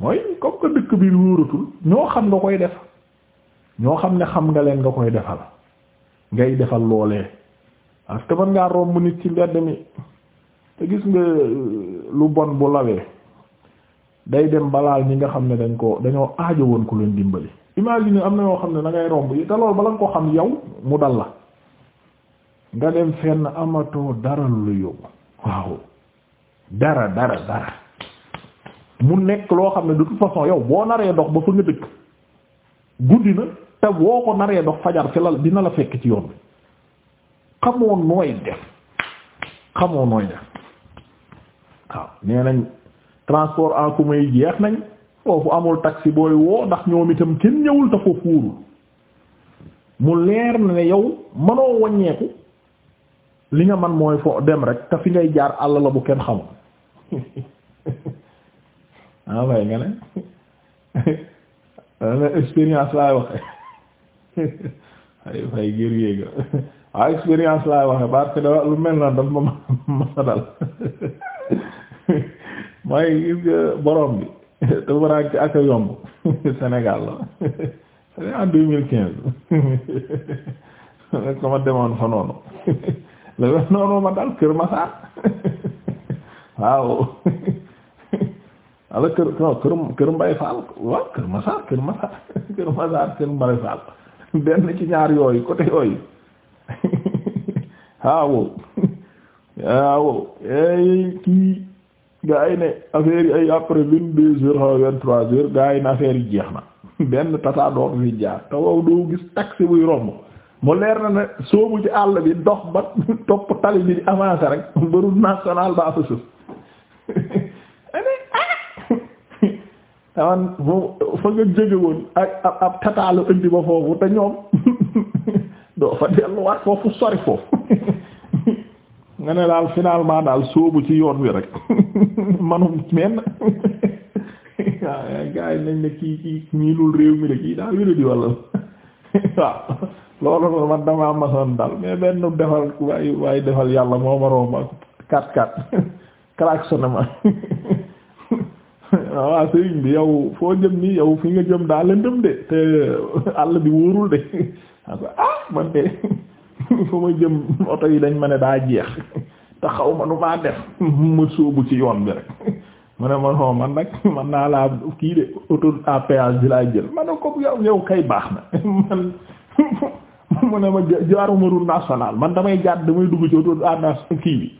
mooy comme que dëkk bi wóoratul ñoo xam nga koy def ñoo xam ne xam nga leen nga koy defal ngay defal loole parce que man ngaa romb nit ci mbedd mi te gis nga euh, lu bon bu lawee day dem balaal ñi nga xam ne dañ ko dañoo aajo woon ku leen dimbali imagine am na yoo xam ne dangay ngay romb yi te loolu bala nga ko xam yow mu dal la nga dem fenn amatoo dara lu yóbbu waaw dara dara dara mu nekk loo xam ne du toute façon yow boo naree dox ba fa nga dëkk guddi na te boo ko naree dox fajar fi dina la fekk ci yoon bi xamoo nooy def xamoo nooy def waaw nee nañ transport en yi jeex nañ foofu amul taxi booy woo ndax ñoom itam kenn ñëwul te foofu wóorul mu leer na ne yow mënoo waññeeku li nga man mooy fo dem rek te fi ngay jaar àll bu kenn xamul ah waaye nga ne la laay waxe ay fay guerrier ga ah expérience laay waxe parce que dafa lu mel na daf ma masa dal mooy Sénégal deux mille quinze ko ma demoon fa noonu la noonu ma ala kër kër kër Mbaye Fall waaw kër Massar kër Massar kër Massar kër Mbaye benn ci ñaar yooyu côté yooyu waaw waaw kii gaa yi ne ay après vingt deux heures xaw vingt trois heures gaa yi ne affaire jeex na benn tata dootu fi jaar te wow doo gis taxi buy romb mu leer na ne soobu ci àll bi dox ba topp tali bi di avancer rek baroute nationale ba fa suuf man fa nga jóge woon ak ab ab tataalu indi ba foofu te ñoom doo fa delluwaat foofu sori foofu nga ne daal finalement daal sóobu ci yoon wi rek manum men waaw gars yi nañ ne kii kii ñiilul réew mi de kii daa wéra di wàlla waaw loolu man damaa masoon daal mais benn defal waaye waaye defal yàlla moo ma romb ak kat kat klaxonné ma na waa sëriñ bi yow foo jëm nii yow fi nga jëm daale lëndëm de te àll bi wóorul de ah man de fa ma jëm oto yi dañ ma ne daa jeex te xaw ma nu maa def ma sóobu ci yoon bi rek mu ne man xaw man nag man naa laa kii de auto à bi laa jël ma ne ko yow yow kay baax na man mu ne ma jaaruma route nationale man damay jàdd damay dugg ci auto à kii bi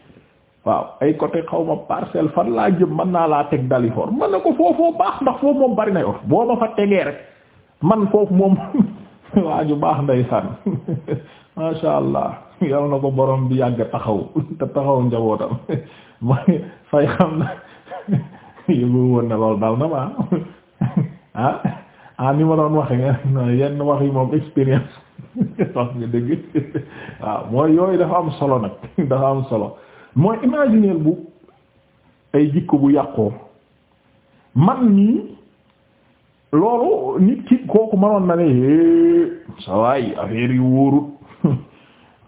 waaw ay côté xaw ma parcelle fan laa jëm mën naa laa teg dalifor mën na ko foofoo baax ndax foofu moom bari na yoon boo ma fa tegee rek man foofu moom waa ju baax nday sànn masha allah yal na ko borom bi yàgg taxaw te taxaw njabootam mooy fay xam na yëgu woon ne loolu dal na ma ah ah ni ma doon wax nga yenn wax yi moom expérience wax nga dëgg waaw mooy yooyu dafa am solo nag dafa am solo mooy imaginer bu ay jikko bu yàqoo man nii loolu nit ki kooku manoon na ne é sawaay affaire yu wóorut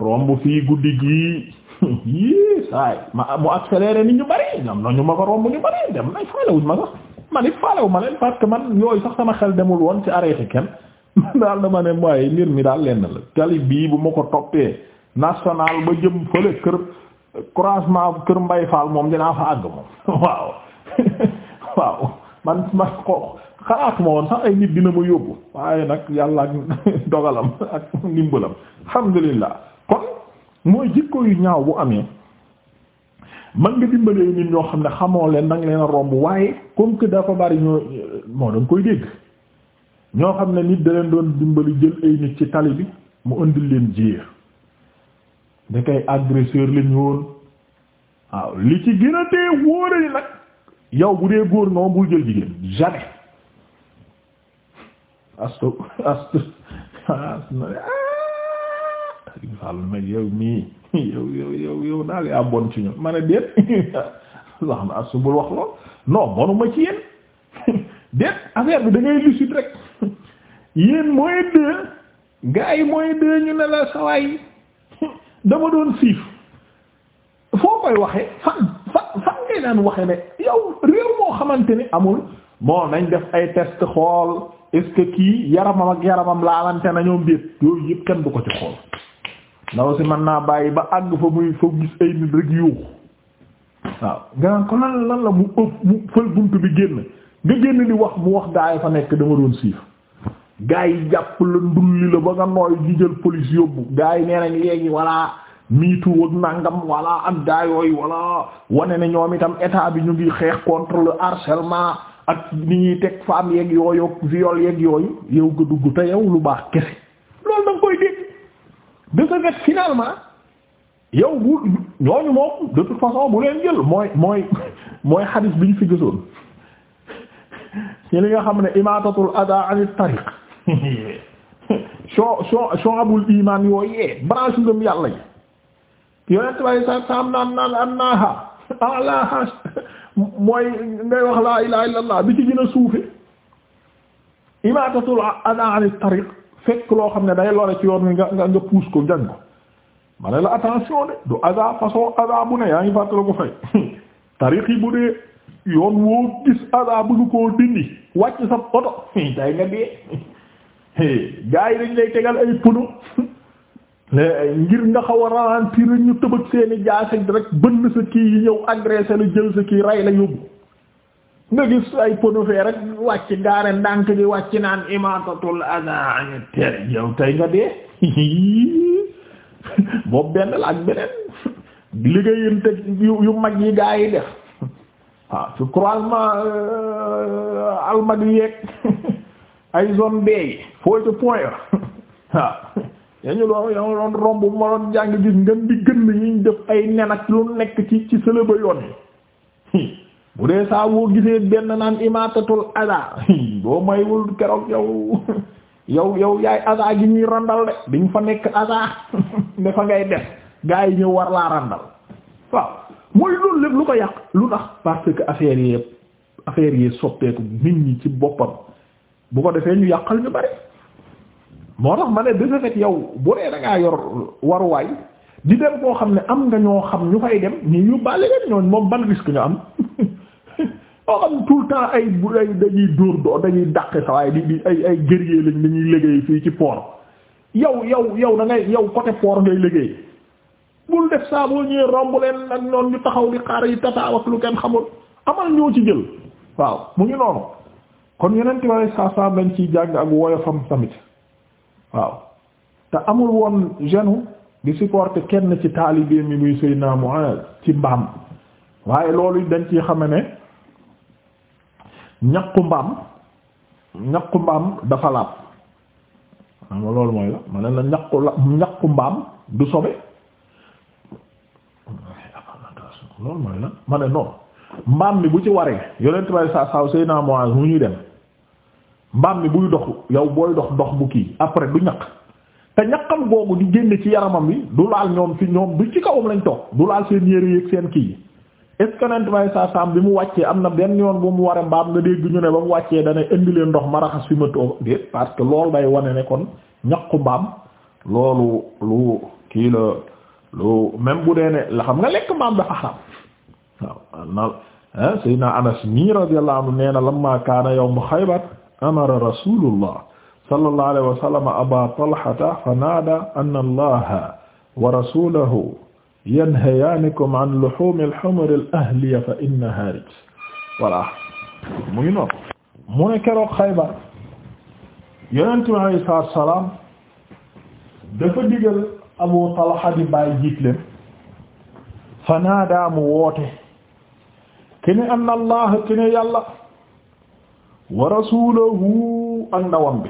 romb fii guddi gii yi saay ma mu accéléré nit ñu bari ñam na ñu ma ko romb ñu bari dem nañ faalewuñ ma sax man it faalewu ma leen parce man yooyu sax sama xel demul woon ci arrêté kenn daal ma ne mooy mbir mi daal lenn la tali bii bu ma ko toppee national ba jëm fële kër croisement kër Mbay Fall moom dinaa fa àgg moom waaw waaw man man ko xalaatuma woon sax ay nit dina ma yóbbu waaye nag yàlla ak dogalam ak ndimbalam alhamdulillah kon mooy jikko yu ñaaw bu amee man nga dimbalee nit ñoo xam ne xamoo leen danga leen a romb waaye comme que dafa bari moo danga koy dégg ñoo xam ne nit daleen leen doon dimbali jël ay nit ci tali bi mu ëndil leen jiir da koy lañu woon waaw li ci gën wóorali nag yow bu dee góor noonu bul jël jigéen jamais asto asto fàll nag yow mii yow yow yow daal yaa bon ci ñun ma ne déet sax na astu bul wax lool non bonuma ci yéen déet affaire bi da ngay rek yéen mooy deux gars yi mooy deux ñu ne la sawaay dama doon siif foo koy waxee fan fan fan ngay naan waxee ne yow réew moo xamante ni amul moo nañ def ay test xool est kii yaramam ak yaramam laalante na ñoom biir yooyu yëpp kenn du ko ci xool ndaw si mën naa bàyyi ba àgg fa muy fa gis ay nit rek yuuxu waaw nga naan ko lan lan la mu ëpp mu fël bunt bi génn nga génn di wax mu wax gaay fa nekk dama doon siif gaa yi jàpp la ndulli la ba nga nooy di jël police yóbbu gaa yi nee nañ léegi voilà miitu ak nangam voilà ak gaa yooyu voilà wane ne ñoom itam état bi ñu ngi xeex contre le ak ni ñuy teg femme yeeg yooyu viol yeeg yooyu yow nga dugg te yow lu baax kese loolu da koy dégg de ce fait finalement yow bu ñooñu moom de toute façon bu leen jël mooy mooy mooy xadis bi ñu fi gisoon ci li nga xam ne imaatatul ada anit tariq soo soo soo abul imaan yooyu yee branche ngëm yàlla yi yonent bay sa sa am na am na am naa ha mooy ngay wax laa ilaaha illallaah bi ci gën a suufe imaatatul adaa ani tariq fekk loo xam ne day lore ci yoon wi nga nga nga puus ko jàng ko ma la attention de du adaa façon adaa bu ne yaa ngi fàttala ko fay tariq bu dee yoon woo gis adaa bëgg koo dindi wàcc sa oto day nga dee gaa yi dañ lay tegal ay pono ngir nga xaw a ralentir ñu tëbëg seeni jaase rek bënn sa kii yi ñëw agressé la jël sa kii rey la yóbbu nga gis ay pono fee rek wàcc gaare ndànk di wàcc naan imatatul ana ñu ter yow tey nga dee boobu benn la ak beneen liggéeyante yu yu mag yi gaa yi def waaw ah, su croisement euh, almadi yeeg ay zone yi fooy ca point ya waaw yañu doon yañu doon romb bu ma doon jàng gis ngeen di gën ñu def ay nen ak lu nekk ci ci sëlëba yoon yi bu dee saa boo gisee benn naan imaatatul ada boo maywul keroog yow yow yaay ada gi ñuy randal de diñ fa nekk ada ne ngay def gaa yi ñëw war laa randal waaw mooy loolu lépp lu ko yàq lu ndax parce que affaire yi affaire yi soppeeku nit ñi ci boppam bu ko defee ñu yàqal ñu bari moo tax ma ne de fait yow bu dee da ngaa yor waruwaay di dem koo xam ne am nga ñoo xam ñu fay dem ñu yóbbaale leen ñooñ moom ban risque ñu am moo tout le temps ay dañuy dóor doo dañuy dàq sa waaye di di ay ay guerrier lañ dañuy liggéey fii ci port yow yow yow da ngay yow côté port ngay liggéey bul def saabu boo ñëwee romb leen ak noonu ñu taxaw di xaar yi tataaw ak lu kenn xamul amal ñoo ci jël waaw mu ngi noonu kon yeneen tubaab yi saa saa lañ ciy jàng ak woyofam tamit. waaw te amul woon genu di supporter kenn ci taalibe mi muy Seydina Muaz ci mbaam waaye loolu dañ ci xame ne ñaqu mbaam ñaqu mbaam dafa laab ama loolu mooy la ma ne la ñaqu la ñaqu mbaam du sobe loolu mooy la ma ne noonu mbaam mi bu ci waree yonent saa sa saw Seydina Muaz mu ñuy dem mbaam mi buy dox yow booy dox dox bu kii après du ñaq te ñaqam googu di génn ci yaramam wi du laal ñoom fi ñoom du ci kawam lañ toog du laal seen yére yeeg seen kii yi est-ce que nant sa sam bi mu wàccee am na benn yoon bu mu waree mbaam nga dégg ñu ne ba mu wàccee dana indi leen ndox ma raxas fi ma toog déet parce que loolu day wane ne kon ñaqu mbaam loolu lu kii la lu même bu dee ne la xam nga lekk mbaam dafa xaram waaw na ah Seydina Anas mi nee na lamma kaana yawmu Xaybar amara rasulullah sallallahu alayhi wa sallam aba talhata fa naada anna allaha wa rasulahu yanhayaanikum an luhumi al-humuri al-ahliya fa innaha rijs voilà mu ngi noonu mu ne keroog Xaybar yonent bi alayhi salaatu wa salaam dafa digal Abu Talha di bàyyi jiitlem fa naada mu woote kene anna allah kene yàlla wa rasulahu ak ndawam bi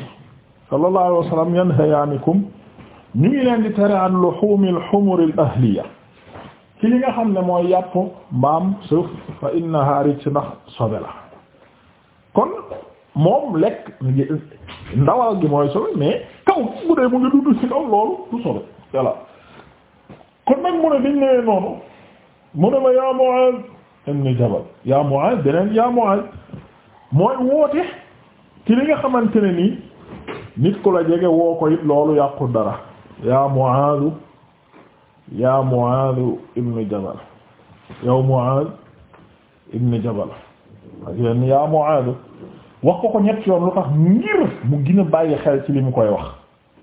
sallallahu alayhi ngi leen di tere an luhumil humuril ahliya ci li nga xam ne mooy yàpp mbaam suuf fa innaha ci ndax sobe kon moom lekk ndawal gi mooy sobe mais kaw bu dee mu ngi dund ci kaw loolu du sobe voilà kon nag mu ne noonu mu ma yaa Mu'aaz ibn Jabal yaa Mu'aaz beneen yaa Mu'aaz mooy woote ci li nga xamante ne nii nit ku la jege woo ko loolu yàqu dara yaa Mu'aaz yaa Mu'aaz ibn yow Mu'aaz ibn Jabal ak yéen yaa wax ko ko ñett yoon lu tax ngir mu gina bàyyi xel ci li mu koy wax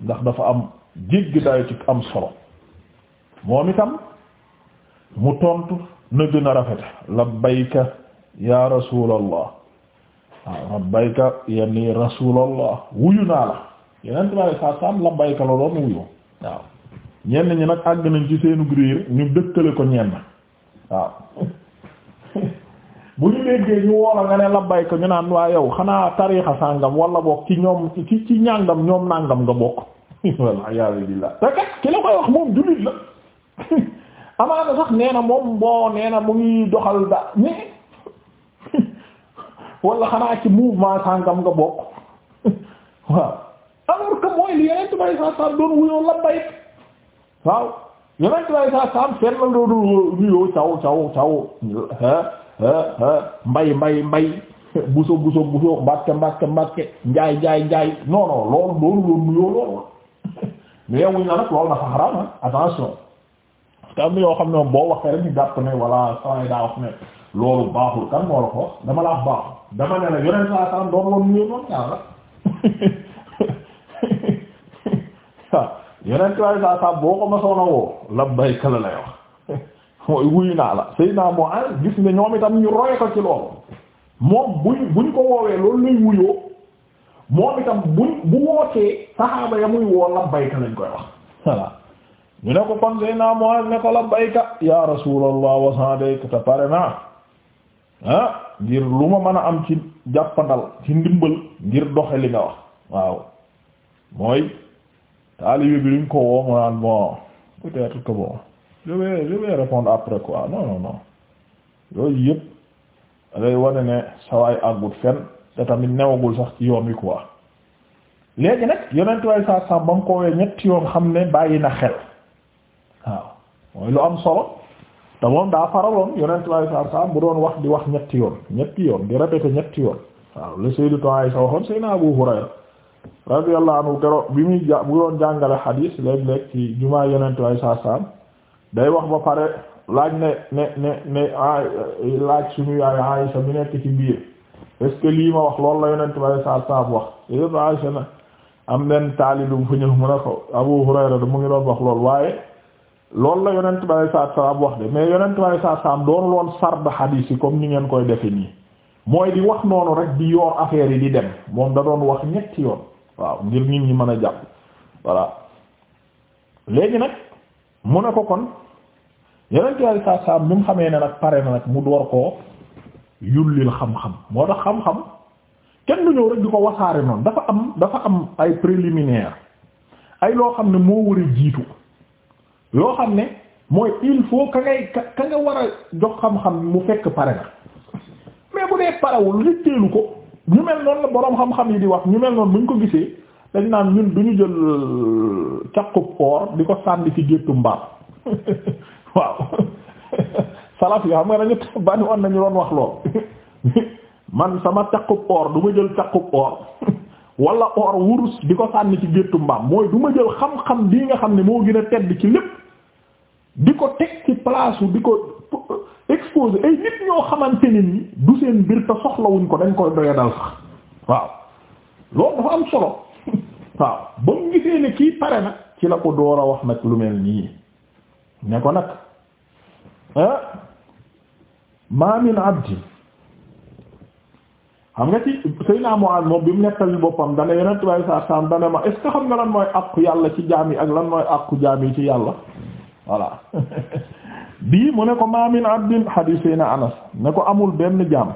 ndax dafa am jégg dayo ci am solo moom itam mu tontu na gën a rafet labbayka yaa rasuulallah waaw labbayka yani rasulallah wuyu naa la yeneen tubaab yi saa saam labbayka la doon wuyu waaw ñenn ñi nag àgg nañ ci seenu griir ñu dëkkale ko ñenn waaw bu ñu léegi ñu woola nga ne labbayka ñu naan waa yow xanaa tariixa sàngam wala bokk ci ñoom ci ci ñàngam ñoom nàngam nga bokk walla iyaazu billaah te ki la koy wax moom jullit la amaana sax nee moom boo nee na ngi doxal da mais wala xanaa ci mouvement sàngam nga bokk waaw alors que mooy li yeneen tubaab yi saa saa doon wuyoo labbayk waaw yeneen tubaab yi saa saa am fenn la doon wuyoo caw caw caw mbay mbay mbay buso buso buso mbàkke mbàkke mbàkke njaay njaay njaay non non loolu loolu doon wuyoo loolu mais wuñ na nag loolu dafa xaraam attention parce que am na yoo xam ne boo waxee rek ñu jàpp ne walla saa daa wax ne. loolu baaxul kan moo la ko dama la wax baaxul dama ne la yoneen saa saam doon loolu nuyoo noonu yàlla waaw yoneen saa saam boo ko masoona woo labbayka la lay wax mooy naa la Seydina Mu'aaz gis nga ñoom itam ñu roye ko ci loolu moom buñ buñ ko woowee loolu lay wuyoo moom itam buñ bu wootee saxaaba ya muy woo labbayka lañ koy wax voilà ñu ne ko kon Seydina Mu'aaz ne ko labbayka ya rasuulallah wa sa'dayka te pare naa ah ngir lu ma mën a am ci jàppandal ci ndimbal ngir doxe li nga wax waaw mooy taalibe bi luñ ko woo mu naan bon peut-être que bon je vais je vais répondre après wane ne sawaay àggut fenn te tamit newagul sax ci yoon wi quoi léegi nag yonent way saa saa ba ko wee ñetti yoon xam ne bàyyi na xel waaw mooy lu am solo te daa faraloon yonent bi sallallahu alayhi bu doon wax di wax ñetti yoon ñetti yoon di répéter ñetti yoon waaw le Sayyidatu Aisha waxoon Sayyidina Abu Hurayra radiyallahu anhu gero bi muy ja bu doon jàngale xadiis léeg-léeg ci jumaa day wax ba pare laaj ne ne ne ne laaj suñu yaay Aisha mi nekk ci biir lii ma wax loolu la yonent bi sallallahu alayhi wax Sayyidatu Aisha na am nen taalibi bu fa ñëw mu ne ko Abu Hurayra da mu ngi doon wax lool waaye loolu la yonent bi alayhi salaatu salaam wax de mais yonent bi alayhi salaatu salaam doon loon sard xadiis yi comme ni ngeen koy defe nii mooy di wax noonu rek di yoor affaire yi di dem moom da doon wax ñetti yoon waaw ngir nit ñi mën a jàpp voilà léegi nag mu ne ko kon yonent bi alayhi salaatu bi mu xamee ne nag pare na nag mu door koo yullil xam-xam moo tax xam-xam kenn du ñëw rek di ko wasaare noonu dafa am dafa am ay préliminaire ay loo xam ne moo war a jiitu yoo xam ne mooy il faut ka ngay ka nga war a jox xam-xam mu fekk pare na mais bu dee parewul litteelu ko ñu mel noonu la boroom xam-xam yi di wax ñu mel noonu buñ ko gisee dañ naan ñun duñu jël euh, caqub or di ko ci géttu mbaam waaw salaf yi xam nga nañu woon wax lool man sama caqub du ma jël caqub or wala di ko sànni ci géttu mbaam mooy du ma jël xam-xam bii nga xam ne moo gën a tedd ci lépp di ko teg ci place di ko exposé ay nit ñoo xamante ne ni du seen mbir te soxlawuñ ko dañ koy doya dal sax waaw loolu dafa am solo waaw ba mu gisee ne kii pare nag ci la ko door a wax nag lu mel nii ne ko nag ah ma min abdi xam nga ci Seydina Mu'aaz moom bi mu nekkal boppam dana yonent bi sallallahu alayhi wasallam dana ma est xam nga lan mooy àqu yàlla ci jaam yi ak lan mooy àqu jaam yi ci yàlla voilà bii mu ne ko ma min abdin hadis anas ne ko amul benn jaam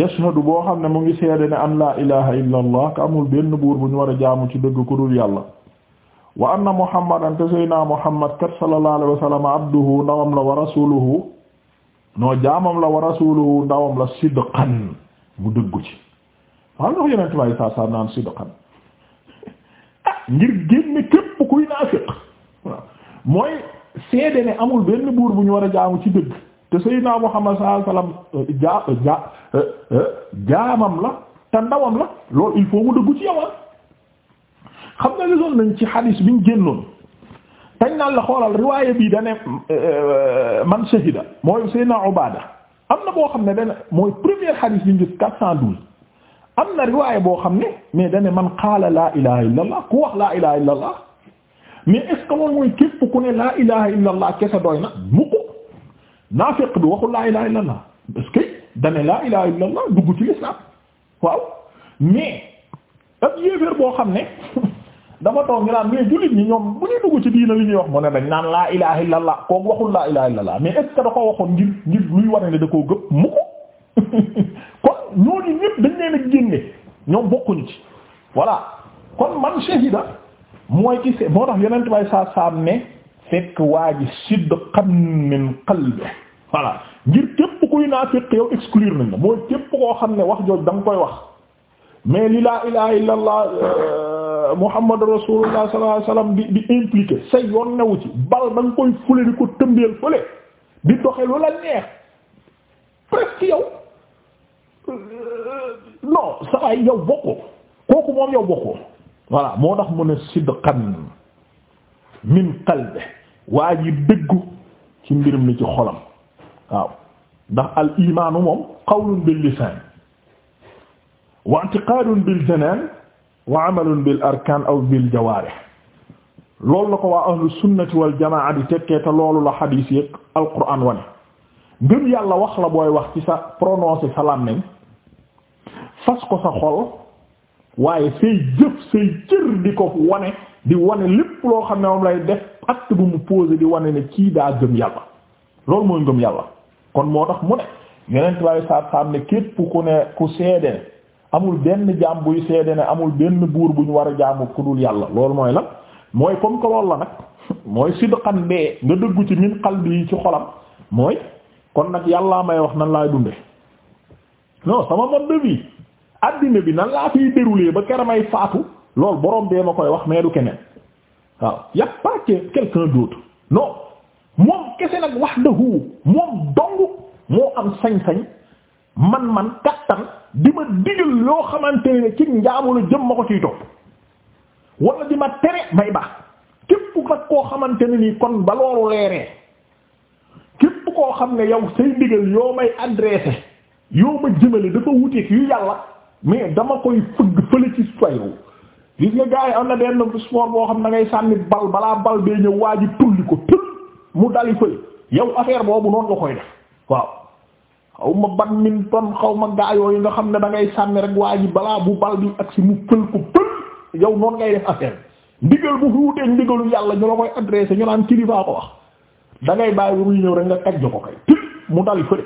yashhadu boo xam ne mu ngi seede ne an laa ilaha illa allah amul benn buur bu ñu war a jaamu ci dëgg ku dul yàlla wa anna muhammadan te seyna muhammad kat sallallahu wa sallam abduhu ndawam la wa rasuluhu noo jaamam la wa rasuluhu ndawam la sidqan mu dëggu ci wal ndax yeneen tubaay saa saa naan sidqan ah, ngir génne képp kuy naafiq mooy seede ne amul benn buur bu ñu war a jaamu ci dëgg te Seydina Muhammad sa alayhi wasallam jaa euh, jaa euh, euh, jaamam la te ndawam la loolu il faut mu dëggu ci yow ah. xam nga gisoon nañ ci xadiis bi génnoon tañ naan la xoolal riwaaya bii da ne man shahida mooy Seydina Ubaada am na boo xam ne dana mooy premier xadiis bi ñu gis 412 am na riwaaya boo xam ne mais dane man qaala laa ilaaha illallah ku wax laa ilaaha illallah mais est ce que moom mooy képp ku ne laa ilaha illa kese doy na mukk naafiq bi waxul laa ilaha illa parce que dane laa ilaha illa dugg ci l'islam waaw mais ab yéeféer boo xam ne dafa toog ngi naan mais jullit ñi ñoom bu ñuy dugg ci diina li ñuy wax mu ne dañ naan laa ilaha illa allah kooku waxul laa ilaha illa mais est ce que ko waxoon ngir ngir luy wane ne da koo mukk kon ñooñu ñëpp dañ leen a génne ñoom bokkuñu ci voilà kon man shahida mooy ci boo moo tax yonent bay saa saam ne fekk waa ji sidqan min qalbi voilà ngir képp kuy naafiq yow exclure nañ la mooy képp koo xam ne wax jooj da koy wax mais li laa ilaha illa allah euh, muhammad rasulullah sallallahu alayhi wasallam di di impliqué sa yoon newu ci bal da koy fule di ko tëmbeel fële di doxe lu la neex presque yow euh, non sa waay yow bokkoo kooku moom yow bokkoo voilà moo tax mu ne sidqan min qalbi waa ji dëggu ci mbirum ni ci xolam waaw ndax al imaanu moom qawlun bil lisaan wa i'tiqaadun bil janaan wa amalun bil arkaan aw bil jawaarih loolu la ko waa ahlu sunnati wal jamaa di tekkee te loolu la xadiis yi alquraan wane ngëm yàlla wax la booy wax ci sa prononcer sa làmmiñ fas ko sa xol waaye say jëf say cër di ko wane di wane lépp loo xam ne moom lay def acte bu mu posé di wane ne kii daa gëm yàlla loolu mooy gëm yàlla kon moo tax mu ne yeneen tubaab yi saa ne képp ku ne ku seede ne amul benn jaam buy seede ne amul benn buur bu ñu war a jaamu ku dul yàlla loolu mooy la mooy comme que loolu la nag mooy sidqan bee nga dëggu ci min qalbi yi ci xolam mooy kon nag yàllaa may wax nan laay dunde non sama mode de vie àddina bi nan laa fiy déroulé ba keroog faatu lool borom bee ma koy wax mais du keneen waaw y a pas que quelqu'un d'autre non moom kese nag wahdahu moom dong moo am sañ-sañ man-man kattan di ma digal loo xamante ne ci njaamu la jëm ma ko ciy topp wala di ma tere may baax képp nag koo xamante ne nii kon ba loolu képp koo xam ne yow say digal yoo may adressé yoo ma jëmale dafa wuteek yu yàlla. mais dama koy fëgg fële ci fayu gis nga gars yi am na benn sport boo xam na ngay sànni bal balaa bal bee ñëw waa ji tulli ko tël mu dali fële yow affaire boobu noonu nga koy def waaw ma ban min xaw ma gaayoo yi nga xam ne da ngay sànni rek waa ji balaa bu bal bi ak si mu fël yow noonu ngay def affaire ndigal bu fi ndigalu yàlla ñu la koy adressé ñu naan kilifa ko wax da bàyyi wuruy ñëw rek nga kaj ko kay tël mu dali fële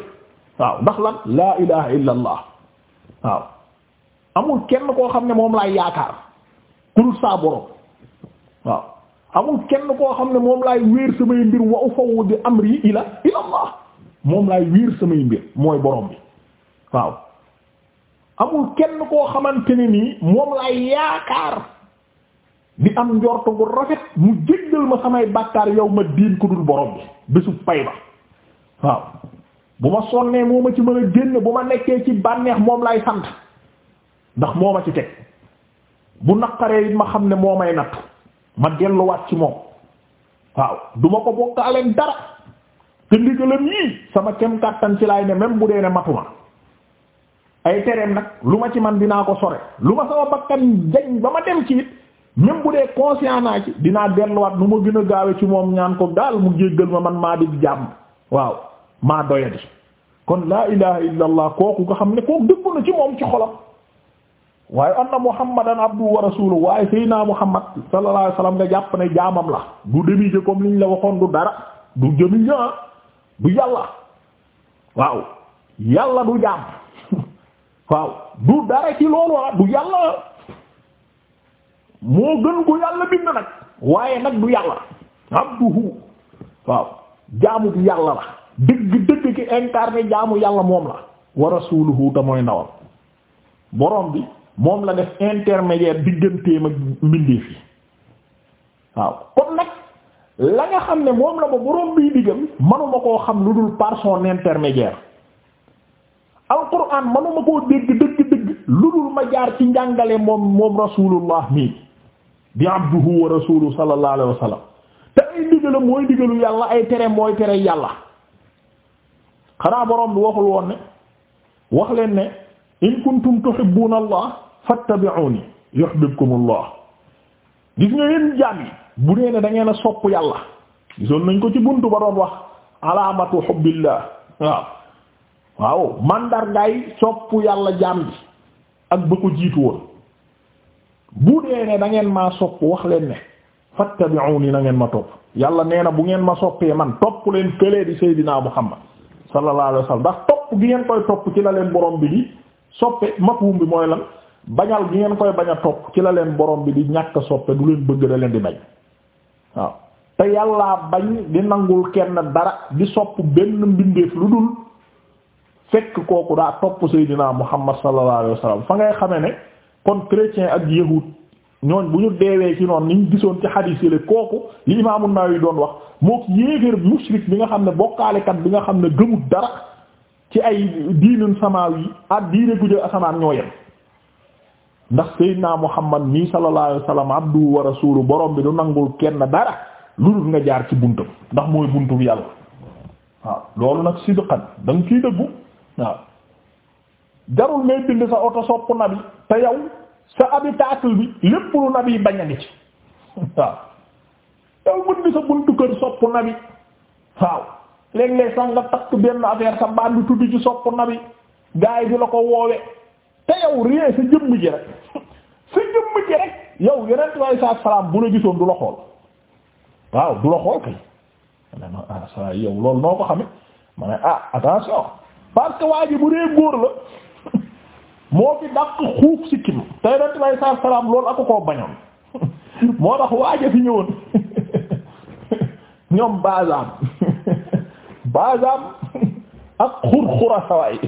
waaw ndax lan laa ilaha illa waaw amul kenn koo xam ne moom laay yaakaar ku dul saa borom waaw amul kenn koo xam ne moom laay wéer samay mbir wa ufawwu di amri ila ila Allah moom laay wéer samay mbir mooy boroom bi waaw amul kenn koo xamante ni nii moom laay yaakaar di am njort bu rafet mu jéggal ma samay bàkkaar yow ma diin ku dul borom bi bésu pay ba waaw bu ma sonnee moo ma ci mën a génn bu ma nekkee ci bànneex moom laay sant ndax moo ma ci teg bu naqaree it ma xam ne moo may nattu ma delluwaat ci moom waaw duma ko bokkaaleen dara te ndigalam yii sama kem kàttan ci laay ne même bu dee ne matuma ay tereem nag lu ma ci man dinaa ko sore lu ma sama bakkan jañ ba ma dem ci it même bu dee conscient naa ci dinaa delluwaat nu ma gën a gaawe ci moom ñaan ko daal mu jéggal ma man maa di jàmm waaw maa doyadi kon laa ilaha illa allah kooku nga xam ne kooku dëgg na ci moom ci xolam waaye anna muhammadan abdu wa rasuluhu waaye sayyidina muhammad sallallahu alayhi wasallam nga jàpp ne jaamam la du demije comme liñ la waxoon du dara du jëmiña du yàlla waaw yàlla du jaam waaw du dara ci loolu wala ah, du yàlla moo gën ko yàlla bind nag waaye nag du yàlla abduhu waaw jaamu yàlla la dëgg dëgg ki incarné jaamu yàlla moom la wa rasuluhu te mooy ndawam borom bi moom la def intermédiaire digganteem ak mbindeef yi waaw kon nag la nga xam ne moom la ba boroom bii diggam manuma koo xam lu dul par son intermédiaire alquran manuma koo dégg dëgg-dëgg lu dul ma jaar ci njàngale moom moom rasulullah mii di abduhu wa rasuluhu sallallahu alayhi wa te ay ndigalam mooy ndigalu yàlla ay tere mooy tere yàlla xanaa boroom bi waxul woon ne wax leen ne in kuntum tuhibbuna allah fattabi'uni yuhibbukumullah gis nga yéen jaam yi bu dee ne da ngeen a sopp yàlla gisoon nañ ko ci buntu ba doon wax alaamatu hubbillah waaw waaw mandargaay sopp yàlla jaam bi ak ba ko jiitu woon bu dee ne da ngeen maa sopp wax leen ne fattabi'uni na ngeen ma topp yàlla nee na bu ngeen ma soppee man topp leen këlee di seydinaa muhammad sallallahu alayhi wasallam ndax topp gi ngeen koy topp ci la leen borom bi di soppe mafhum bi mooy lan bañal gi ngeen koy baña a topp ci la leen borom bi di ñàkk soppe du leen bëgg da leen di bañ waaw te yàllaa bañ di nangul kenn dara di sopp benn mbindeef lu dul fekk kooku daa topp seydinaa muhammad sallallahu alayhi wa sallam fa ngay xame ne kon chrétien ak yahud ñooñ bu ñu deewee ci noonu niñ gisoon ci xadiis yi kooku li imaamu Nawawi doon wax moo yéeféer mushrik bi nga xam ne bokkaalekat bi nga xam ne gëmut dara ci ay diinun samaawi ak diine gu jël asamaan ndax sayyidina Muhammad nii sallallahu alayhi wa sallam abdu wa rasulu borom bi du nangul kenn dara lu dul nga jaar ci buntu ndax mooy buntu bi yàlla waaw loolu nag sidqan da nga ciy dëggu waaw jarul ngay bind sa oto sopp nabi te yow sa habitacle bi lépp lu nabi bañ a ngi ci waaw yow bind sa buntu kër sopp nabi waaw léeg-léeg sax nga takk benn affaire sa bandi tuddi ci sopp nabi gaa yi di la ko woowe te yow réer sa jëmm ji rek sa jëmm ji rek yow yeneen tubaab yi salaam bu la gisoon du la xool waaw du la xool kay ma ne ma ah saa noo ko xamee ma ne ah attention parce bu dee góor la moo fi dàq xuuf si kim te yeneen tubaab yi salaam loolu aku koo bañoon moo tax waaja fi ñëwoon ñoom bazaam bazaam ak xurxura sawaay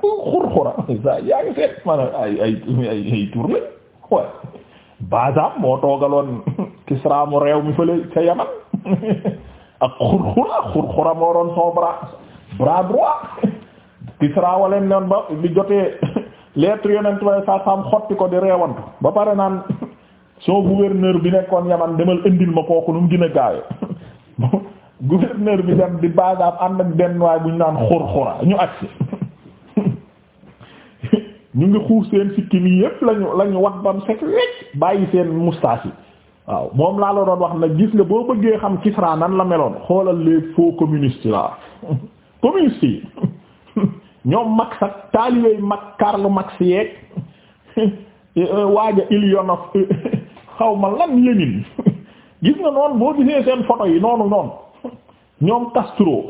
xurxura moo toogaloon réew mi fële ca Yaman ak xurxura xurxura moo doon son bras bras ba pare naan soo gouverneur bi nekkoon Yaman demal indil ma kooku nu mu gën a gaawe gouverneur bi dem di Baazam ànd ak benn waay bu ñu naan xurxura ñu agsi ñu ngi xuuf seen sikki mi yépp lañu lañu wax ba set bàyyi seen moustache yi waaw moom laa la doon wax nag gis nga boo bëggee xam Kisra nan la meloon xoolal les faux communistes la communistes yi ñoom Max ak taalibeey Max Karl Marx yeeg eh, eh, waaja Ilionov eh, xaw ma lan Lénine gis nga noonu boo gisee seen photo yi noonu noonu ñoom Castro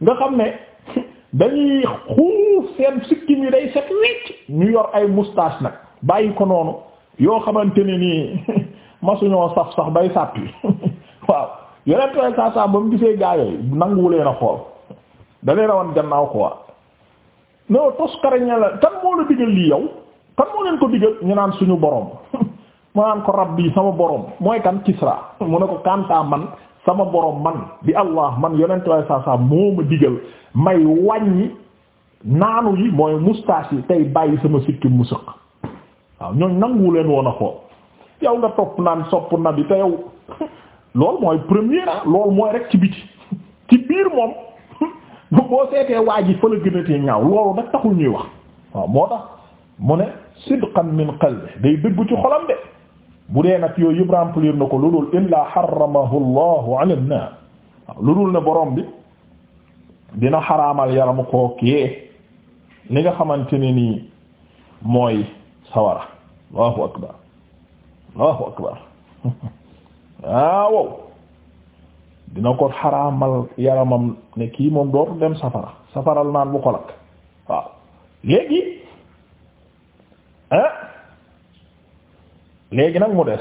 nga xam ne dañuy xuuf seen sikkim yi day set wecc ñu yor ay moustache nag bàyyi ko noonu yoo xamante ni nii masuñoo saf sax bay sàppi waaw yeneen tooy saa saa ba mu gisee gaa yooyu nanguwuleen a xool da leen a wan gannaaw quoi non tos karaña la kan moo la digal lii yow kan moo leen ko digal ñu naan suñu borom mu naan ko bii sama borom mooy kan Kisra mu ne ko Kanta man sama borom man bi allah man yonent waaye saa saa moo ma digal may wàññi naanu yi mooy moustache yi tey bàyyi sama sikkim mu sëq waaw ñooñ nangu leen woon a xool yow nga topp naan sopp na bi te yow loolu mooy première ah loolu mooy rek ci biti ci biir moom boo seetee waa ji fa la gën ñaaw loolu nag taxul ñuy wax waaw moo tax mu ne sidqan min qalbi day dëggu ci xolam de bu dee nag yooyu yëpp remplir na ko lu dul illaa xaramahu llahu lu dul ne borom bi dina xaraamal yaramu kookee li nga xamante ni nii mooy sawara allahu akbar allahu akbar ah, waaw dina ko xaraamal yaramam ne kii moom dootu dem safara safaral naan bu ko lakk waaw ah, léegi nag mu des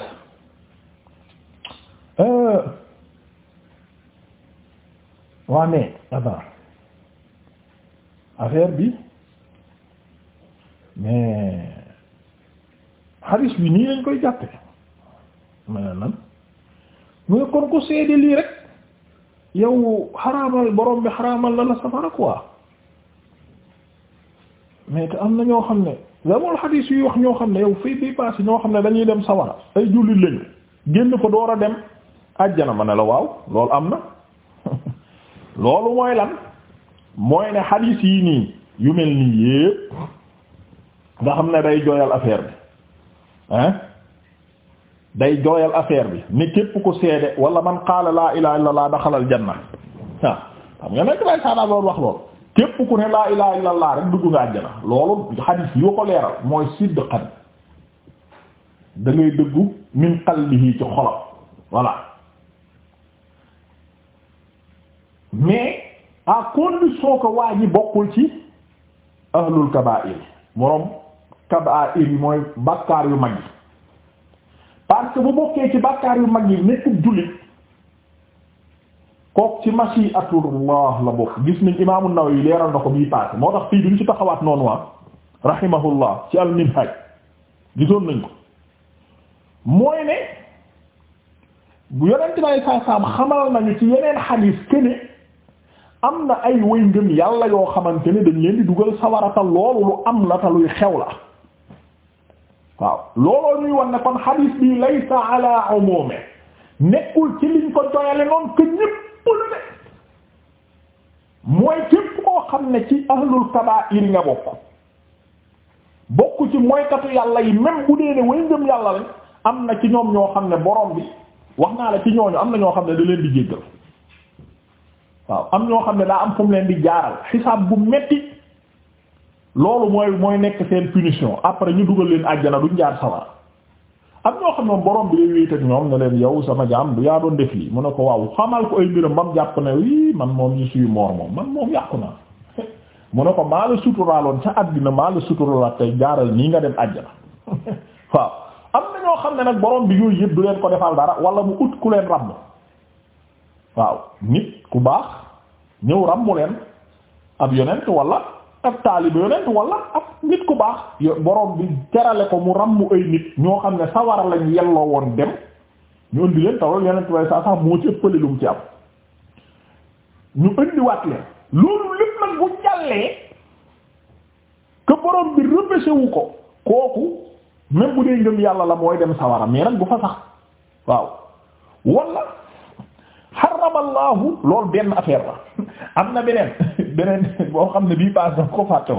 euh, waa mais attends affaire bi mais xaris bi nii lañ koy jàppe ma ne nan mais kon ko seede lii rek yow xaraamal borom bi xaraamal la la safara quoi mais te am na ñoo xam ne damol xadiis yuy wax ñoo xam ne yow fii bii passé ñoo xam ne dañuy dem sawara ay jullit lañu génn fa door a dem àjjana ma ne la waaw loolu am na loolu mooy lan mooy ne xadiis yi nii yu mel nii yépp nga xam ne day jooyal affaire bi ah day jooyal affaire bi ni képp ku seede wala man qaala laa ilaha illa allah daxalal janna waaw xam nga nekk lay saanaa loolu wax lool képp ku ne laa ilaha illallah rek dugg nga àjjana loolu xadiis yoo ko leeral mooy sidqan da ngay dëggu min qalbihi ci xolam voilà mais à condition que waa ji bokkul ci ahlul kaba'ir moroom kaba'ir yi mooy bàkkaar yu mag yi parce bu bokkee ci bàkkaar yu mag yi nekkul jullit kook ci mashiatullah la bokk gis nañ imaamu Nawawi leeral na ko bii paase moo tax fii duñ ci taxawaat noonu waa ah. rahimahullah ci al-Minhaj gisoon nañ ko mooy ne bu yonent bi saa xamal ci yeneen xadiis na ay way ngëm yàlla yoo xamante ne dañ leen di dugal sawarata loolu lu am xew la looloo ñuy wan ne kon xadiis bi laysa ala umume nekkul ci liñ ko doyale noonu que ñépp la de mooy képp koo xam ne ci ahlul kabaa'ir nga bokk bokk ci moykatu yàlla yi même bu dee ne way ngëm yàlla la am na ci ñoom ñoo xam ne borom bi wax naa la ci ñooñu am na ñoo xam ne da leen di jéggal waaw am ñoo xam ne daa am fu leen di jaaral xisaab bu metti loolu mooy mooy nekk seen punition après ñu dugal leen àjjana duñ jaar sawar am ñoo xam ne borom bi lay wéet ñoom ne leen yow sama jaam du yaa doon def lii mu ne ko waaw xamal ko ay mbiram bam jàpp ne wii man moom yi suy moor moom man moom yàqu na mu ne ko maa la suturaaloon ca àddina maa la suturaal tey jaaral nii nga dem àjjana waaw am na ñoo xam ne nag borom bi yooyu yëpp du leen ko defal dara wala mu ut ku leen ràmm waaw nit ku baax ñëw ràmmu leen ab yonent wala ab taalibe yonent ab nit ku baax borom bi jarale ko mu ràmm ay nit ñoo xam ne sawar lañ yelloo woon dem ñu indi leen tawal yonent waaye saa sax moo ci ëppale mu ci am ñu indiwaat leen loolu lépp nag bu jàllee que borom bi repêché ko kooku même bu dee ngëm yàlla la mooy dem sawara mais nag bu fa sax waaw wala xaramallahu loolu benn affaire la am na beneen beneen boo xam ne bii paas na ko fàtte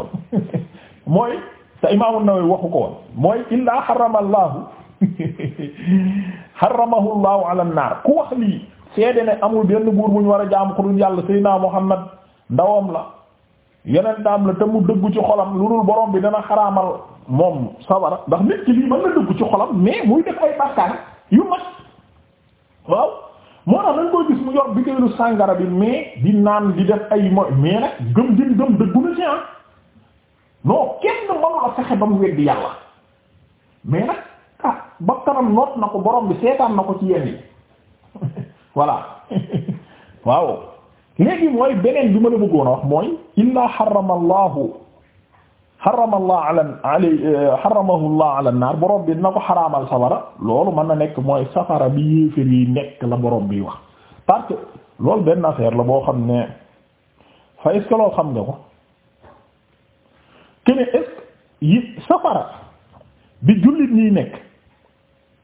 mooy te imaamu Nawawi waxu ko woon mooy illaa xaramallahu xaramahu llahu ala naar ku wax lii seede ne amul benn buur bu war a jaam ko yàlla Seydina Muhammad ndawam la yonentam la te mu dëggu ci xolam lu dul borom bi dana xaraamal moom sawara ndax nit ki lii mën na dëggu ci xolam mais muy def ay bàkkaar yu mag waaw moo tax dañ koy gis mu yor bitéelu sàngara bi mais di naan di def ay moy mais nag gëm gëm dëggu na ci ah non kenn mënu la fexe ba mu weddi yàlla mais nag ah bakkanam noot na ko borom bi seetaan na ko ci yenn yi voilà waaw léegi mooy beneen bi ma la bëggoon a wax mooy illa xarama allahu xaramallah ala alay eh, xaramahullah ala naar borom bi dina ko xaraamal safara loolu mën na nekk mooy safara bi yéefér yi nekk la borom bi wax parce que loolu benn affaire la boo xam ne fa est-ce que loolu xam nga ko kene est-ce yi safara bi jullit ñiy nekk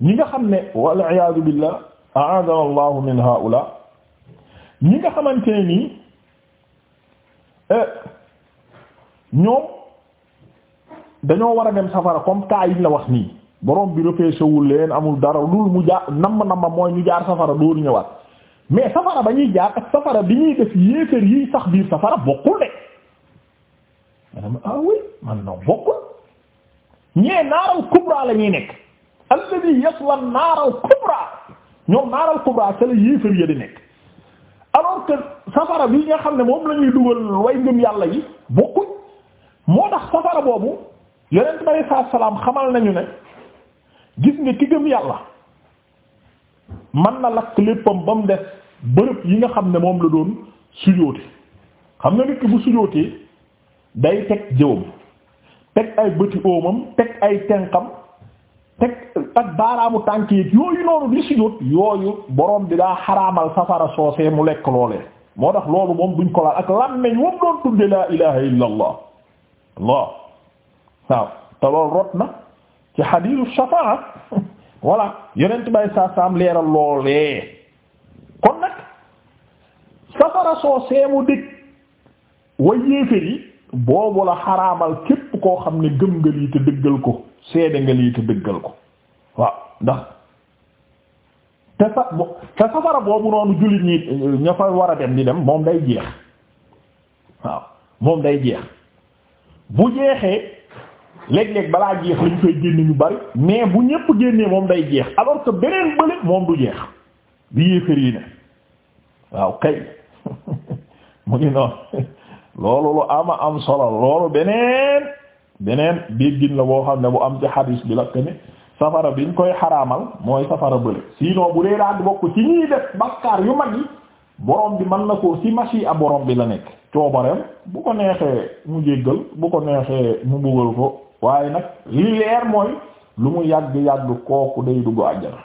ñi nga xam ne waliyadu billah aadana allahu min haula ñi nga xamante nii eh, ñoom dañoo war a dem safara comme taa yi la wax nii borom bi repêché wul leen amul dara loolu mu jaar namm namm mooy ñu jaar safara doo ñëwaat mais safara ba ñuy jaar ak safara bi ñuy def yéeféer yiy sax safara bokkul de maanaam ah oui man non bokkul ñee naaral kubra la ñoom naaral kubra ca la ya di nekk alors que safara bi nga xam ne moom la ñuy dugal way ngëm yàlla yi bokkul moo tax safara boobu. yonent bi nañu ne gis nga ki yàlla mën na lakk léppam ba mu des yi nga xam ne moom la doon sujjóote xam nga nit ki bu day teg jëwam teg ay bëti óomam teg ay tenqam teg ak baaraamu tànk yooyu noonu di sujjóot yooyu borom bi daa xaraamal safara soosee mu lekk loolee moo tax loolu moom buñ ko laal ak làmmeñ wam doon tudde laa ilaaha illallah waaw te loolu rot na ci xadiisu shafaa voilà yonent bay saa saam leeral loolee kon nag safara soo seemu dëkk way yéeféer yi boobu la xaraamal képp koo xam ne gëm nga lii te dëggal ko seede nga lii te dëggal ko waaw ndax te safara boobu noonu jullit ñi ña fa war a dem di dem moom day jeex waaw moom day jeex bu jeexee léeg-léeg balaa jeex lañ koy génne ñu bari mais bu ñépp génnee moom day jeex alors que beneen bële moom du jeex bi yéefér yi ne waaw kay mu ngi noonu loolu lu ama am solo loolu beneen beneen gin la boo xam ne bu am ci hadis bi la que ne safara biñ koy xaraamal mooy safara bële sinon bu dee daal bokk ci ñuy def bakkaar yu mag yi borom bi mën na ko ci machine a borom bi la nekk coobareem bu ko neexee mu jéggal bu ko neexee mu buggal ko waaye nag li leer mooy lu mu yàgg yàgg kooku day dugg àjjana